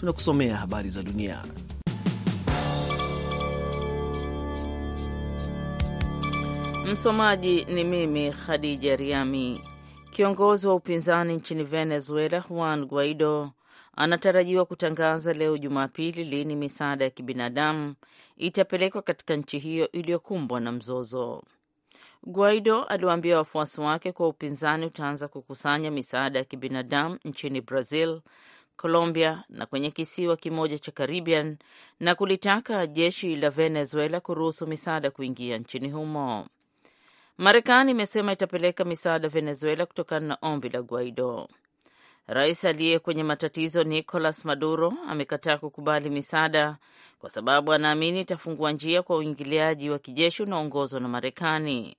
tunakusomea habari za dunia. Msomaji ni mimi Khadija Riami. Kiongozi wa upinzani nchini Venezuela Juan Guaido anatarajiwa kutangaza leo Jumapili lini misaada ya kibinadamu itapelekwa katika nchi hiyo iliyokumbwa na mzozo. Guaido aliwaambia wafuasi wake kuwa upinzani utaanza kukusanya misaada ya kibinadamu nchini Brazil Colombia na kwenye kisiwa kimoja cha Caribbean na kulitaka jeshi la Venezuela kuruhusu misaada kuingia nchini humo. Marekani imesema itapeleka misaada Venezuela kutokana na ombi la Guaido. Rais aliye kwenye matatizo Nicolas Maduro amekataa kukubali misaada kwa sababu anaamini itafungua njia kwa uingiliaji wa kijeshi unaoongozwa na Marekani.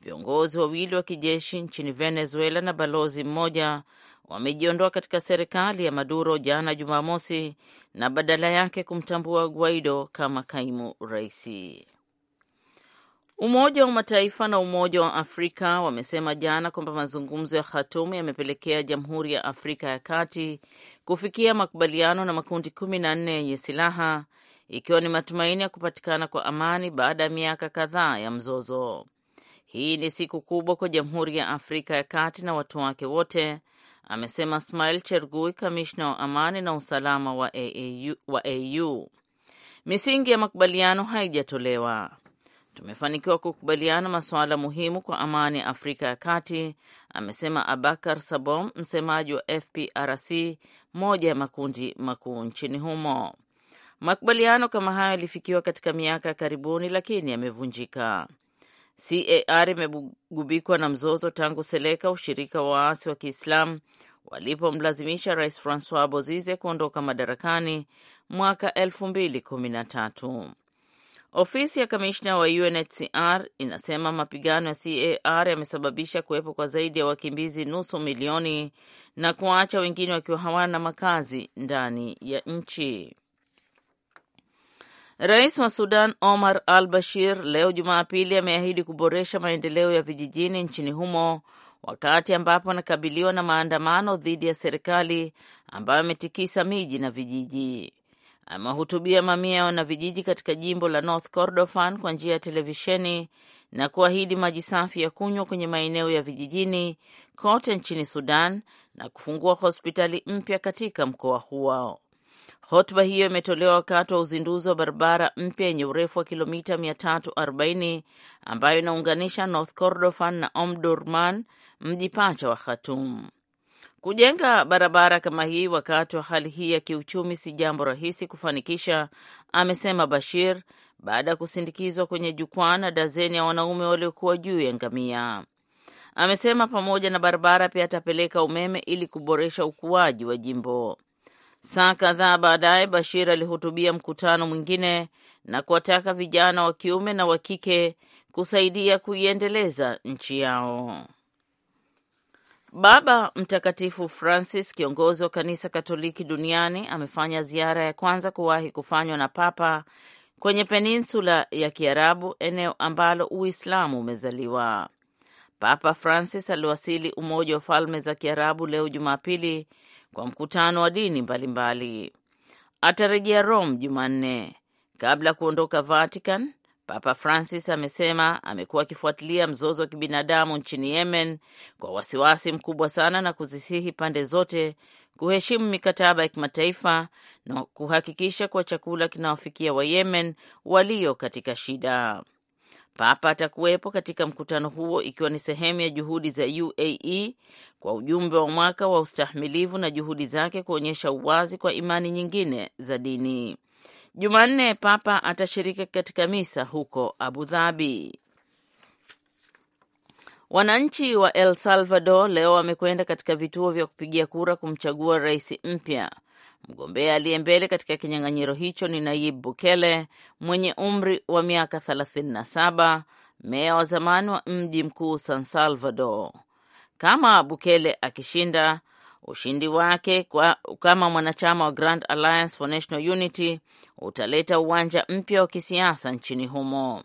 Viongozi wawili wa kijeshi nchini Venezuela na balozi mmoja wamejiondoa katika serikali ya Maduro jana Jumamosi na badala yake kumtambua Guaido kama kaimu raisi. Umoja wa Mataifa na Umoja wa Afrika wamesema jana kwamba mazungumzo ya Khartoum yamepelekea Jamhuri ya Afrika ya Kati kufikia makubaliano na makundi kumi na nne yenye silaha ikiwa ni matumaini ya kupatikana kwa amani baada ya miaka kadhaa ya mzozo. Hii ni siku kubwa kwa Jamhuri ya Afrika ya Kati na watu wake wote, amesema smail Chergui, kamishna wa amani na usalama wa AAU, wa AU. Misingi ya makubaliano haijatolewa. Tumefanikiwa kukubaliana masuala muhimu kwa amani ya Afrika ya Kati, amesema Abakar Sabom, msemaji wa FPRC, moja ya makundi makuu nchini humo. Makubaliano kama hayo yalifikiwa katika miaka ya karibuni, lakini yamevunjika. CAR imegubikwa na mzozo tangu Seleka, ushirika wa waasi wa Kiislamu, walipomlazimisha Rais Francois Bozize kuondoka madarakani mwaka 2013. Ofisi ya kamishna wa UNHCR inasema mapigano ya CAR yamesababisha kuwepo kwa zaidi ya wakimbizi nusu milioni na kuwaacha wengine wakiwa hawana makazi ndani ya nchi. Rais wa Sudan Omar al Bashir leo Jumapili ameahidi kuboresha maendeleo ya vijijini nchini humo wakati ambapo anakabiliwa na maandamano dhidi ya serikali ambayo ametikisa miji na vijiji. Amehutubia mamia ya wanavijiji katika jimbo la North Kordofan kwa njia ya televisheni na kuahidi maji safi ya kunywa kwenye maeneo ya vijijini kote nchini Sudan na kufungua hospitali mpya katika mkoa huo. Hotuba hiyo imetolewa wakati wa uzinduzi wa barabara mpya yenye urefu wa kilomita 340 ambayo inaunganisha North Kordofan na Omdurman, mji pacha wa Khartoum. Kujenga barabara kama hii wakati wa hali hii ya kiuchumi si jambo rahisi kufanikisha, amesema Bashir baada ya kusindikizwa kwenye jukwaa na dazeni ya wanaume waliokuwa juu ya ngamia. Amesema pamoja na barabara pia atapeleka umeme ili kuboresha ukuaji wa jimbo. Saa kadhaa baadaye, Bashir alihutubia mkutano mwingine na kuwataka vijana wa kiume na wa kike kusaidia kuiendeleza nchi yao. Baba Mtakatifu Francis, kiongozi wa kanisa Katoliki duniani, amefanya ziara ya kwanza kuwahi kufanywa na Papa kwenye peninsula ya Kiarabu, eneo ambalo Uislamu umezaliwa. Papa Francis aliwasili Umoja wa Falme za Kiarabu leo Jumapili kwa mkutano wa dini mbalimbali. Atarejea Rome Jumanne. Kabla ya kuondoka Vatican, Papa Francis amesema amekuwa akifuatilia mzozo wa kibinadamu nchini Yemen kwa wasiwasi mkubwa sana na kuzisihi pande zote kuheshimu mikataba ya kimataifa na kuhakikisha kuwa chakula kinawafikia Wayemen walio katika shida. Papa atakuwepo katika mkutano huo ikiwa ni sehemu ya juhudi za UAE kwa ujumbe wa mwaka wa ustahimilivu na juhudi zake kuonyesha uwazi kwa imani nyingine za dini. Jumanne Papa atashiriki katika misa huko Abu Dhabi. Wananchi wa El Salvador leo wamekwenda katika vituo vya kupigia kura kumchagua rais mpya. Mgombea aliye mbele katika kinyang'anyiro hicho ni Nayib Bukele mwenye umri wa miaka 37, meya wa zamani wa mji mkuu San Salvador. Kama Bukele akishinda, ushindi wake kwa, kama mwanachama wa Grand Alliance for National Unity utaleta uwanja mpya wa kisiasa nchini humo.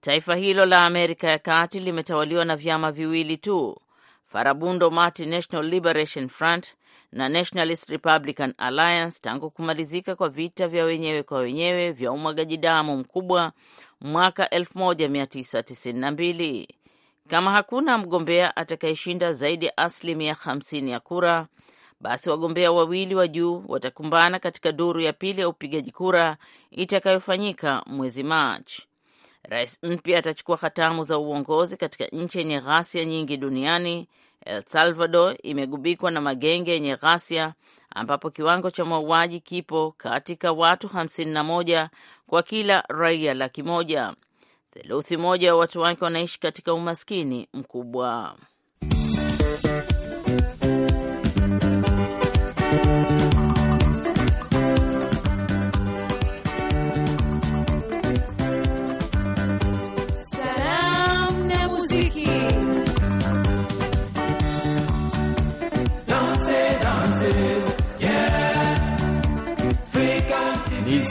Taifa hilo la Amerika ya Kati limetawaliwa na vyama viwili tu, Farabundo Martin National Liberation Front na Nationalist Republican Alliance tangu kumalizika kwa vita vya wenyewe kwa wenyewe vya umwagaji damu mkubwa mwaka 1992. Kama hakuna mgombea atakayeshinda zaidi ya asilimia 50 ya kura, basi wagombea wawili wa juu watakumbana katika duru ya pili ya upigaji kura itakayofanyika mwezi Machi. Rais mpya atachukua hatamu za uongozi katika nchi yenye ghasia nyingi duniani El Salvador imegubikwa na magenge yenye ghasia ambapo kiwango cha mauaji kipo katika watu 51 kwa kila raia laki moja. Theluthi moja ya watu wake wanaishi katika umaskini mkubwa.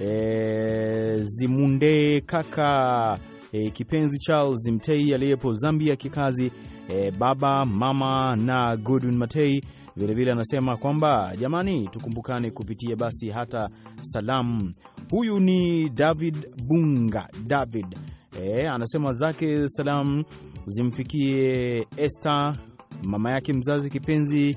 e, Zimunde kaka e, kipenzi Charles Mtei aliyepo Zambia kikazi e, baba mama na Godwin Matei vilevile anasema kwamba jamani, tukumbukane kupitia basi hata salamu. Huyu ni David Bunga David e, anasema zake salamu zimfikie Esther mama yake mzazi kipenzi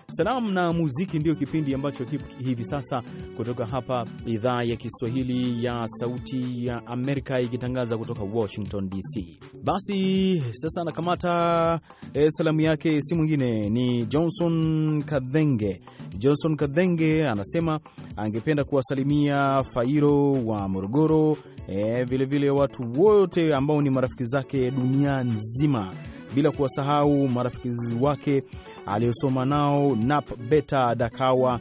Salamu na muziki ndiyo kipindi ambacho kipo hivi sasa kutoka hapa idhaa ya Kiswahili ya Sauti ya Amerika ikitangaza kutoka Washington DC. Basi sasa nakamata e, salamu yake si mwingine ni Johnson Kadhenge. Johnson Kadhenge anasema angependa kuwasalimia Fairo wa Morogoro, vilevile eh, vile watu wote ambao ni marafiki zake dunia nzima bila kuwasahau marafiki wake aliyosoma nao Nap Beta Dakawa,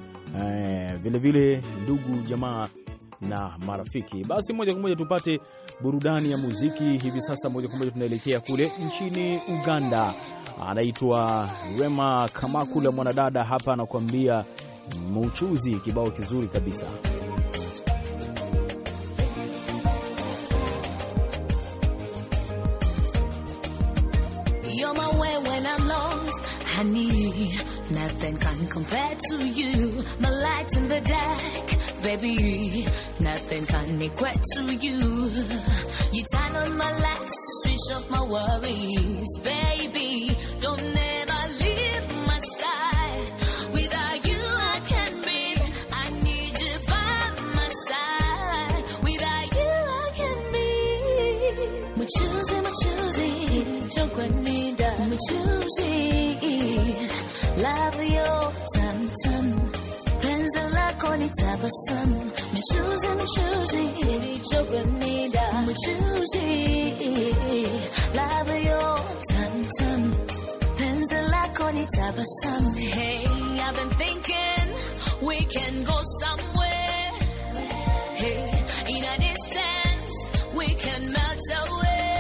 vilevile eh, vile ndugu jamaa na marafiki. Basi moja kwa moja tupate burudani ya muziki hivi sasa. Moja kwa moja tunaelekea kule nchini Uganda, anaitwa Rema Kamakula, mwanadada hapa anakuambia mchuzi, kibao kizuri kabisa. honey. Nothing can compare to you. My light in the dark, baby. Nothing can equate to you. You turn on my lights, switch off my worries, baby. Don't of a sudden we're choosing, we're choosing 이쪽입니다 We're choosing 라브요 탐탐 펜슬 라콘이 잡았음 Hey, I've been thinking we can go somewhere Hey, in a distance we can melt away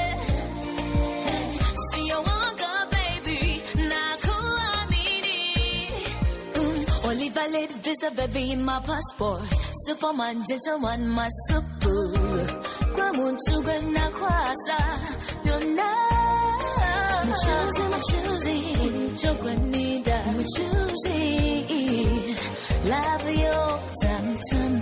Valid visa, baby, in my passport. Superman, gentleman, my super. Kwa muntuga na kwasa, yona. I'm choosing, I'm choosing. Chokwa nida, I'm choosing. Love your tam-tam.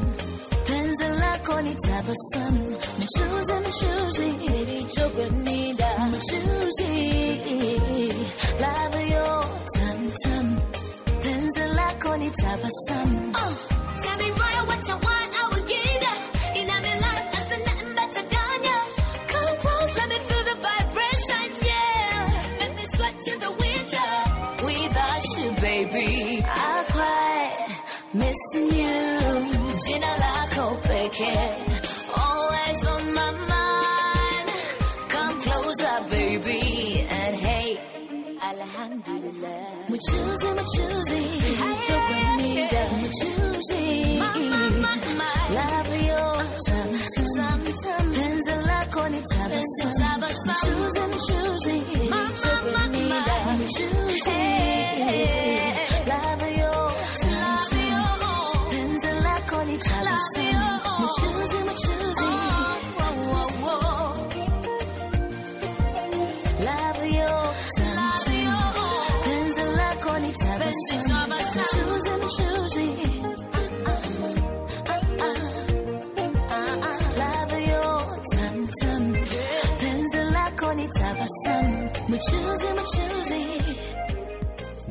Penzi lako ni tabasamu. I'm choosing, I'm choosing. Baby, chokwa nida, I'm choosing. alhamdulillah We're choosing, we're choosing Chobamida We're choosing Love yota Penzi lako ni tabasamu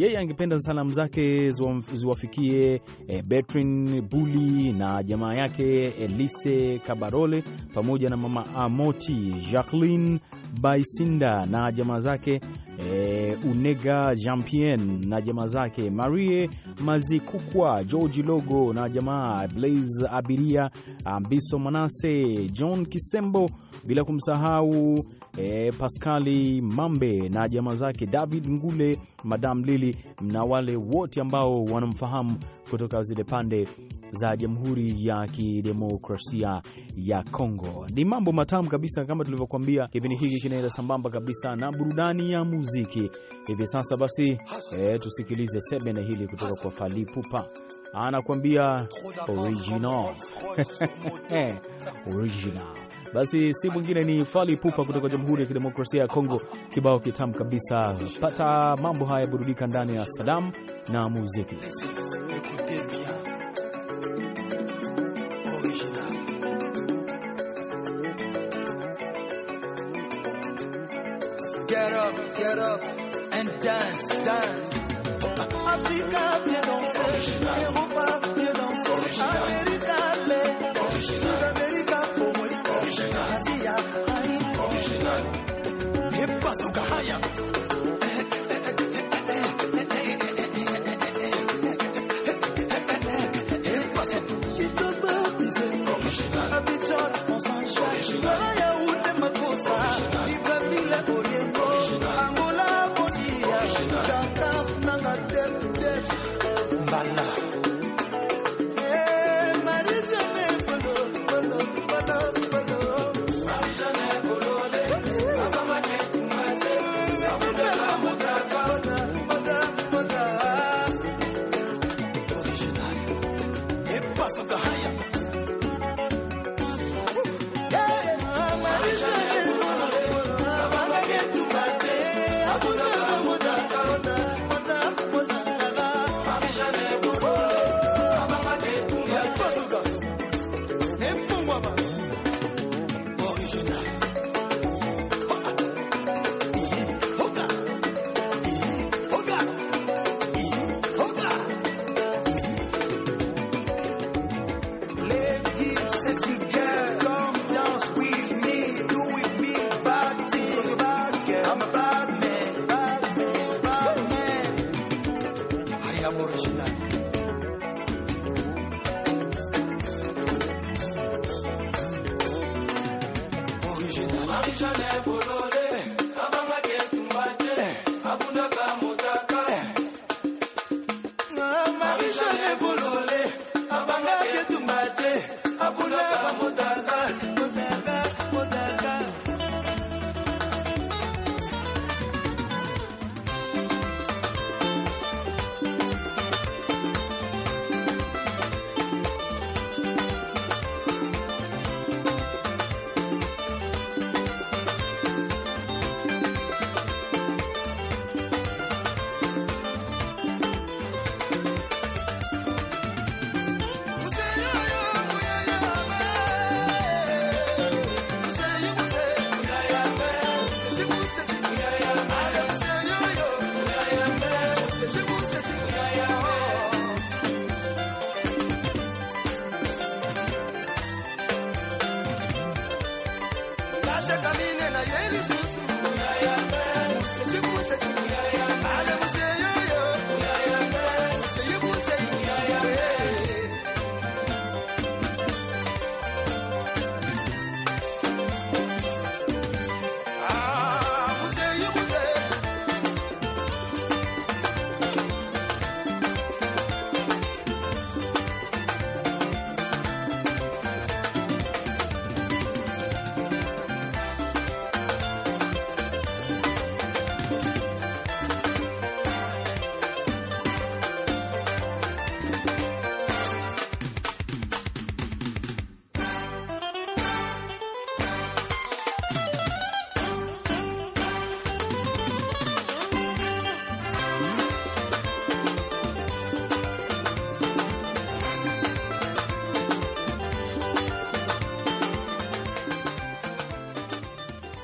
Yeye angependa salamu zake ziwafikie e, eh, Betrin Buli na jamaa yake Elise Kabarole pamoja na mama Amoti Jacqueline Baisinda na jamaa zake e, Unega Jampien na jamaa zake, Marie Mazikukwa, George Logo na jamaa, Blaze Abiria, Ambiso Manase, John Kisembo, bila kumsahau e, eh, Paskali Mambe na jamaa zake, David Ngule, Madam Lili na wale wote ambao wanamfahamu kutoka zile pande za Jamhuri ya Kidemokrasia ya Kongo. Ni mambo matamu kabisa, kama tulivyokuambia, kipindi hiki kinaenda sambamba kabisa na burudani ya muziki hivi sasa. Basi e, tusikilize sebene hili kutoka kwa Fally anakuambia original original. Basi si mwingine ni Fali Pupa kutoka Jamhuri ya Kidemokrasia ya Kongo, kibao kitamu kabisa. Pata mambo haya, burudika ndani ya salamu na muziki. get up and dance, dance. Africa, viens danser.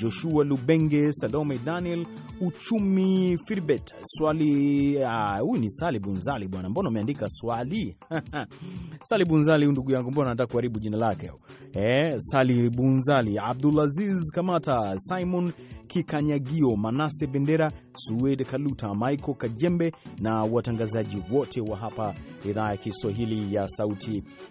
Joshua Lubenge, Salome Daniel, Uchumi Firbet, Swali. Ah, huyu uh, ni Sali Bunzali bwana, mbona umeandika Swali? Sali Bunzali ndugu yangu, mbona nataka kuharibu jina lake eh? Sali Bunzali, Abdulaziz Kamata, Simon Kikanyagio, Manase Bendera, Suede Kaluta, Michael Kajembe na watangazaji wote wa hapa idhaa ya Kiswahili ya Sauti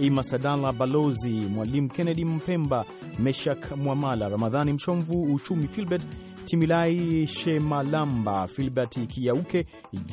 Imasadala Balozi, Mwalimu Kennedy Mpemba, Meshak Mwamala, Ramadhani Mchomvu, Uchumi Filbert Timilai Shemalamba, Filbert Kiauke,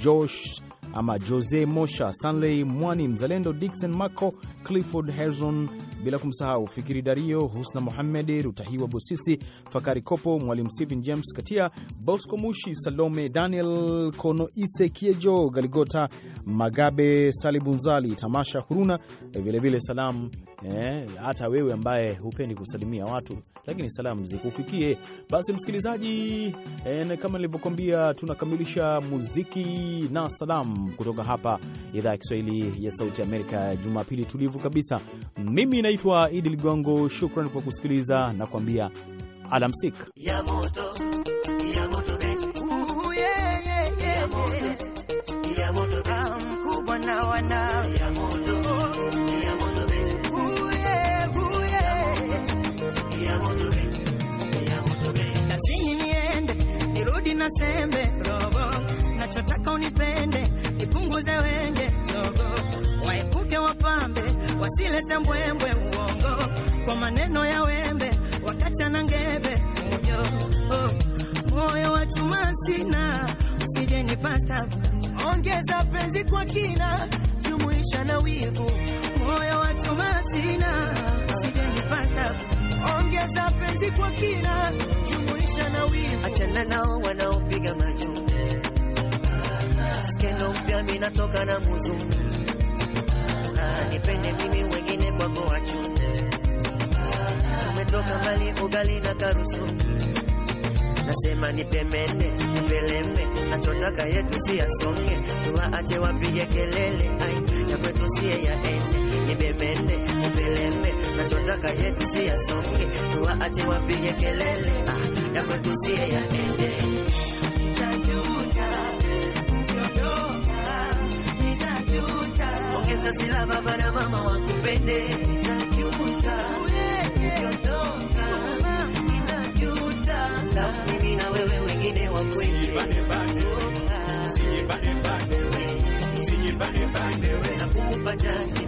Josh ama Jose Mosha, Stanley Mwani, Mzalendo Dikson maco Clifford Herzon, bila kumsahau Fikiri Dario, Husna Mohamed Rutahiwa, Bosisi Fakari Kopo, Mwalimu Stephen James Katia, Bosco Mushi, Salome Daniel Konoise, Kiejo Galigota Magabe, Salibunzali Tamasha Huruna, vilevile salamu eh, hata eh, wewe ambaye hupendi kusalimia watu lakini salamu zikufikie basi msikilizaji eh, kama nilivyokwambia tunakamilisha muziki na salamu kutoka hapa idhaa ya Kiswahili ya Sauti Amerika. Jumapili tulivu kabisa. Mimi naitwa Idi Ligongo, shukran kwa kusikiliza na kuambia alamsik Kazini niende nirudi na sembe robo, nachotaka wasilete mbwembwe uongo kwa maneno ya wembe, wakati wakachana ngebe fujo. Oh, moyo wa chuma sina, usijenipata ongeza penzi kwa kina, jumuisha na wivu. Moyo wa chuma sina, nipata. ongeza penzi kwa kina, jumuisha na wivu. Achana nao wanaopiga majumbe, skendo mpya natoka na mzungu nipende mimi wengine kwako wachunde. Umetoka mbali ugali na karusu, nasema nipemende nipeleme, nachotaka yetu si yasonge, tuwaache wapige kelele, ai ya kwetu siye yaende. Nipemende nipeleme, nachotaka yetu si yasonge, tuwaache wapige kelele, ah ya kwetu siye yaende. Kazi la baba na mama wakupende najuta, ukiondoka inajuta. Mimi na wewe wengine wakwende, nakupa chansi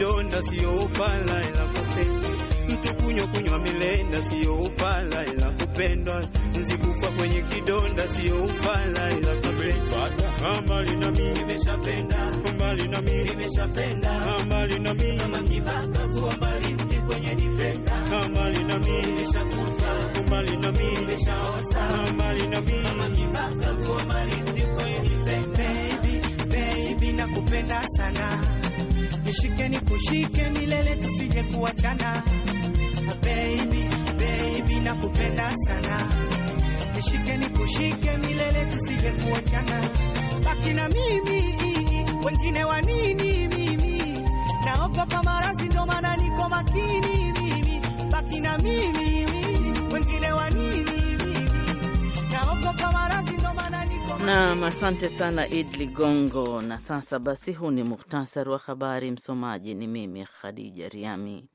vidonda sio ufala ila kupendwa. Mtu kunywa kunywa milenda sio ufala ila kupendwa. nzikufa kwenye kidonda sio ufala ila kupendwa. nakupenda sana nishike nikushike milele tusije kuachana. Baby, baby nakupenda sana, nishike nikushike milele tusije kuachana. Baki na mimi, wengine wa nini? Mimi naogopa maradhi, ndo maana niko makini mimi. Baki na mimi, wengine wa nini? Naogopa maradhi Nam, asante sana Id Ligongo. Na sasa basi, huu ni muhtasari wa habari. Msomaji ni mimi Khadija Riami.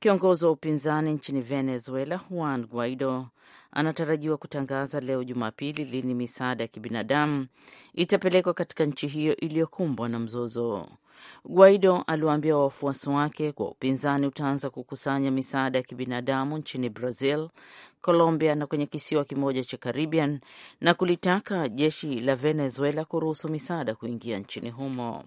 Kiongozi wa upinzani nchini Venezuela Juan Guaido anatarajiwa kutangaza leo Jumapili lini misaada ya kibinadamu itapelekwa katika nchi hiyo iliyokumbwa na mzozo. Guaido aliwaambia wafuasi wake kwa upinzani utaanza kukusanya misaada ya kibinadamu nchini Brazil, Colombia na kwenye kisiwa kimoja cha Caribbean na kulitaka jeshi la Venezuela kuruhusu misaada kuingia nchini humo.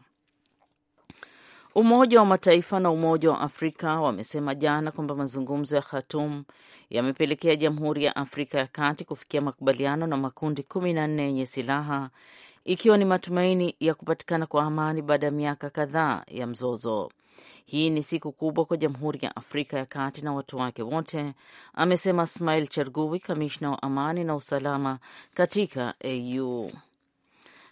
Umoja wa Mataifa na Umoja wa Afrika wamesema jana kwamba mazungumzo ya Khartoum yamepelekea Jamhuri ya Afrika ya Kati kufikia makubaliano na makundi kumi na nne yenye silaha ikiwa ni matumaini ya kupatikana kwa amani baada ya miaka kadhaa ya mzozo. Hii ni siku kubwa kwa Jamhuri ya Afrika ya Kati na watu wake wote, amesema Smail Chergui, kamishna wa amani na usalama katika AU.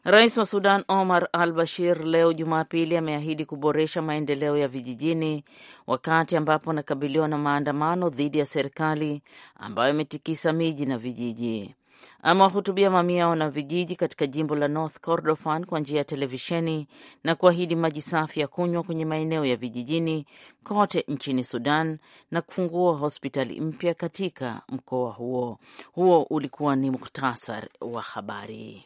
Rais wa Sudan Omar al Bashir leo Jumapili ameahidi kuboresha maendeleo ya vijijini wakati ambapo anakabiliwa na maandamano dhidi ya serikali ambayo imetikisa miji na vijiji amewahutubia mamia na vijiji katika jimbo la North Kordofan kwa njia ya televisheni na kuahidi maji safi ya kunywa kwenye maeneo ya vijijini kote nchini Sudan na kufungua hospitali mpya katika mkoa huo. Huo ulikuwa ni muhtasari wa habari.